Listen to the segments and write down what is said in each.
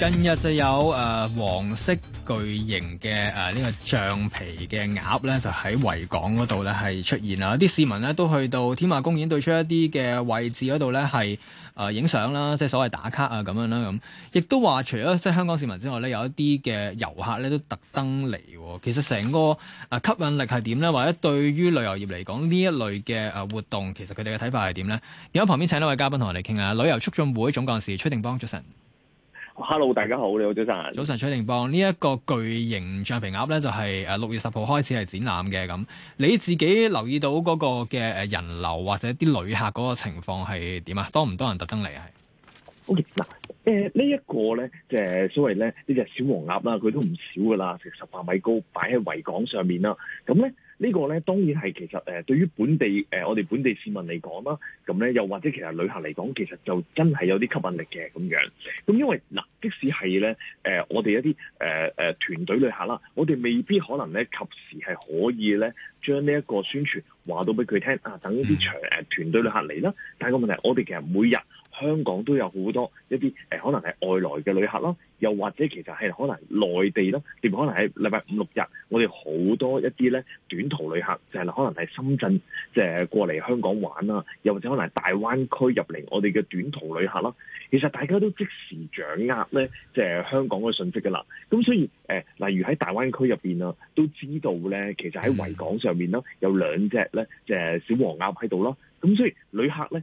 近日就有誒、呃、黃色巨型嘅呢、呃呢個橡皮嘅鴨咧，就喺維港嗰度咧係出現啦！啲市民呢，都去到天馬公園對出一啲嘅位置嗰度咧係影相啦，即係所謂打卡啊咁樣啦咁。亦都話除咗即係香港市民之外咧，有一啲嘅遊客咧都特登嚟、喔。其實成個吸引力係點咧？或者對於旅遊業嚟講呢一類嘅活動，其實佢哋嘅睇法係點咧？而家旁邊請一位嘉賓同我哋傾下，旅遊促進會總幹事崔定邦先生。hello，大家好，你好早，早晨。早晨，崔定邦，呢一個巨型橡皮鴨咧，就係誒六月十號開始係展覽嘅咁。你自己留意到嗰個嘅誒人流或者啲旅客嗰個情況係點啊？多唔多人特登嚟啊？O K，嗱，誒、okay, 呃這個、呢一個咧就係所謂咧呢隻小黃鴨啦，佢都唔少噶啦，成十八米高，擺喺維港上面啦，咁咧。呢個咧當然係其實誒對於本地誒我哋本地市民嚟講啦，咁咧又或者其實旅客嚟講，其實就真係有啲吸引力嘅咁樣。咁因為嗱，即使係咧誒我哋一啲誒誒團隊旅客啦，我哋未必可能咧及時係可以咧將呢一個宣傳。話到俾佢聽啊，等一啲長誒團隊旅客嚟啦。但係個問題，我哋其實每日香港都有好多一啲誒，可能係外來嘅旅客啦，又或者其實係可能內地咯，亦可能喺禮拜五六日，我哋好多一啲咧短途旅客，就係可能係深圳即係過嚟香港玩啦，又或者可能係大灣區入嚟我哋嘅短途旅客咯。其實大家都即時掌握咧，即係香港嘅信息噶啦。咁所以。誒，例如喺大灣區入邊啦，都知道咧，其實喺維港上面啦，有兩隻咧，就係小黃鴨喺度咯。咁所以旅客咧，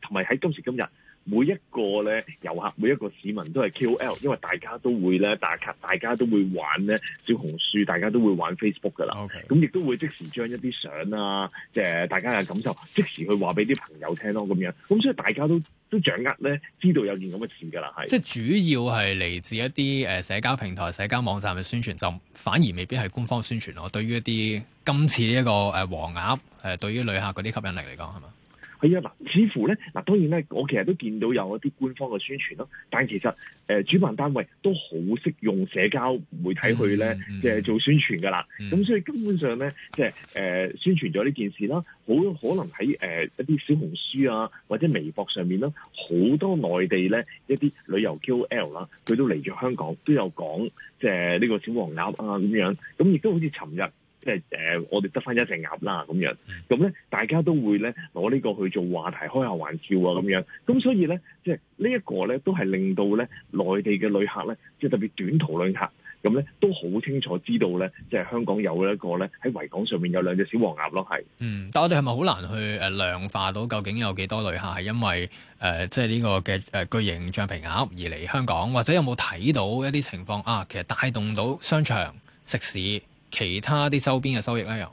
同埋喺今時今日，每一個咧遊客，每一個市民都係 KOL，因為大家都會咧，打卡，大家都會玩咧小紅書，大家都會玩 Facebook 㗎啦。Okay。咁亦都會即時將一啲相啊，即係大家嘅感受，即時去話俾啲朋友聽咯。咁樣，咁所以大家都。都掌握咧，知道有件咁嘅事㗎啦，係。即係主要係嚟自一啲誒社交平台、社交網站嘅宣傳，就反而未必係官方宣傳咯。對於一啲今次呢一個誒黃鴨誒，對於旅客嗰啲吸引力嚟講，係嘛？係啊，嗱，似乎咧，嗱，當然咧，我其實都見到有一啲官方嘅宣傳咯，但係其實誒主辦單位都好識用社交媒體去咧，即係做宣傳㗎啦。咁、嗯嗯嗯、所以根本上咧，即係誒宣傳咗呢件事啦，好可能喺誒一啲小紅書啊，或者微博上面啦，好多內地咧一啲旅遊 KOL 啦，佢都嚟咗香港，都有講即係呢個小黃鴨啊咁樣，咁亦都好似尋日。即係、呃、我哋得返一隻鴨啦咁樣，咁咧大家都會咧攞呢個去做話題，開下玩笑啊咁樣。咁所以咧，即係呢一個咧，都係令到咧內地嘅旅客咧，即係特別短途旅客，咁咧都好清楚知道咧，即係香港有咧一個咧喺維港上面有兩隻小黃鴨咯，係。嗯，但我哋係咪好難去量化到究竟有幾多旅客係因為、呃、即係呢個嘅巨型橡皮鴨而嚟香港，或者有冇睇到一啲情況啊？其實帶動到商場、食肆。其他啲收邊嘅收益咧，又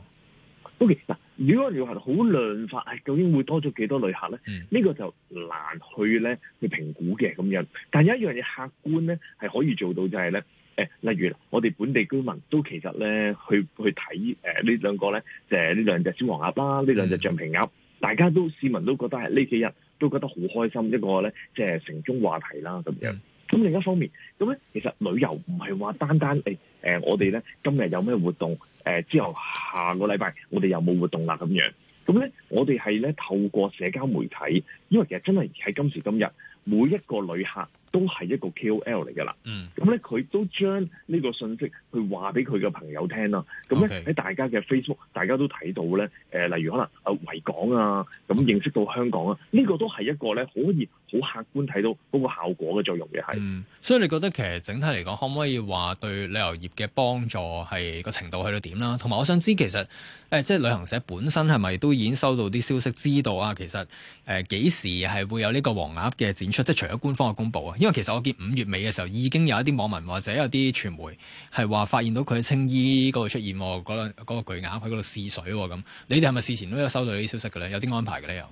OK 嗱。如果要係好量化，究竟會多咗幾多旅客咧？呢、嗯，呢個就難去咧去評估嘅咁樣。但有一樣嘢客觀咧，係可以做到就係咧，誒，例如我哋本地居民都其實咧去去睇誒呢兩個咧，就係、係、呢兩隻小黃鴨啦，呢兩隻橡皮鴨，嗯、大家都市民都覺得係呢幾日都覺得好開心，一個咧即係城中話題啦咁樣。嗯咁另一方面，咁咧，其實旅遊唔係話單單誒、欸、我哋咧今日有咩活動，誒、呃、之後下個禮拜我哋又冇活動啦咁樣。咁咧，我哋係咧透過社交媒體，因為其實真係喺今時今日。每一個旅客都係一個 K O L 嚟噶啦，咁咧佢都將呢個信息，去話俾佢嘅朋友聽啦。咁咧喺大家嘅 Facebook，大家都睇到咧，誒、okay，例如可能啊維港啊，咁、嗯、認識到香港啊，呢、這個都係一個咧可以好客觀睇到嗰個效果嘅作用嘅係、嗯。所以你覺得其實整體嚟講，可唔可以話對旅遊業嘅幫助係個程度去到點啦？同埋我想知其實誒，即、呃、係、就是、旅行社本身係咪都已經收到啲消息，知道啊？其實誒幾、呃、時係會有呢個黃鴨嘅即係除咗官方嘅公布啊，因為其實我見五月尾嘅時候已經有一啲網民或者有啲傳媒係話發現到佢青衣嗰度出現嗰、嗰個巨鴨喺嗰度試水咁，你哋係咪事前都有收到呢啲消息嘅咧？有啲安排嘅咧又？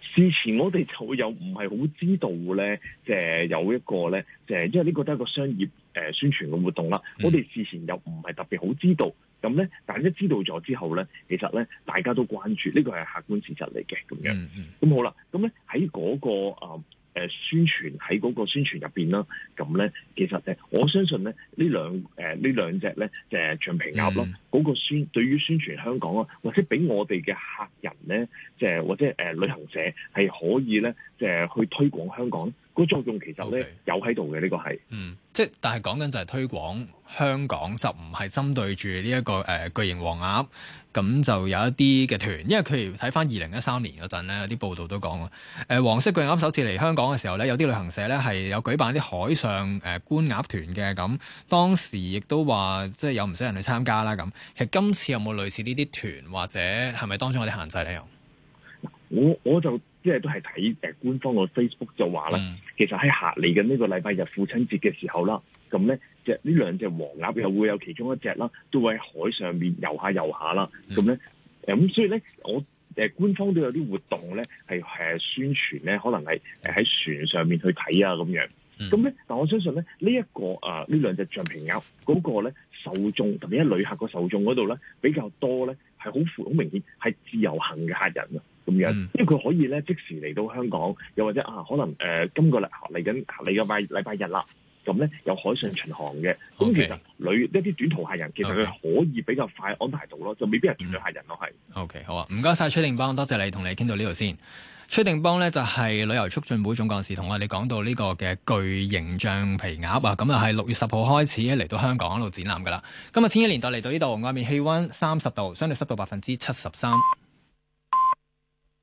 事前我哋就又唔係好知道咧，係有一個咧，係因為呢個都係一個商業誒宣傳嘅活動啦、嗯，我哋事前又唔係特別好知道，咁咧，但係一知道咗之後咧，其實咧，大家都關注，呢個係客觀事實嚟嘅，咁、嗯、樣、嗯，咁好啦，咁咧喺嗰個啊。呃誒宣傳喺嗰個宣傳入邊啦，咁咧其實誒，我相信咧呢兩誒呢、呃、兩隻咧誒橡皮鴨咯，嗰、嗯、個宣對於宣傳香港啊，或者俾我哋嘅客人咧，即係或者誒、呃、旅行社係可以咧，即係去推廣香港。那個作用其實咧、okay. 有喺度嘅，呢、這個係嗯，即係但係講緊就係推廣香港就針、這個，就唔係針對住呢一個誒巨型黃鴨。咁就有一啲嘅團，因為佢睇返二零一三年嗰陣咧，有啲報道都講誒黃色巨鴨首次嚟香港嘅時候呢，有啲、呃、旅行社呢係有舉辦啲海上誒觀鴨團嘅。咁、呃、當時亦都話即係有唔少人去參加啦。咁其實今次有冇類似呢啲團，或者係咪當中我哋限制咧？我我就。即係都係睇誒官方個 Facebook 就話啦，其實喺下嚟嘅呢個禮拜日父親節嘅時候啦，咁咧就呢兩隻黃鴨又會有其中一隻啦，都會喺海上面遊下游下啦，咁咧咁所以咧，我誒官方都有啲活動咧，係誒宣傳咧，可能係誒喺船上面去睇啊咁樣，咁咧，但我相信咧呢一個啊呢兩隻橡皮鴨嗰個咧受眾特別係旅客個受眾嗰度咧比較多咧。係好好明顯係自由行嘅客人啊，咁樣，因為佢可以咧即時嚟到香港，又或者啊，可能誒、呃、今個禮嚟緊禮拜禮拜日啦。咁咧有海上巡航嘅，咁、okay. 其實女一啲短途客人其實佢可以比較快安排到咯，okay. 就未必係短途客人咯、啊。係、嗯，OK 好啊，唔該晒。崔定邦，多謝，謝你同你傾到呢度先。崔定邦呢，就係、是、旅遊促進會總幹事，同我哋講到呢個嘅巨型橡皮鴨啊，咁啊係六月十號開始嚟到香港一路展覽㗎啦。今日千禧年代嚟到呢度，外面氣温三十度，相對濕度百分之七十三。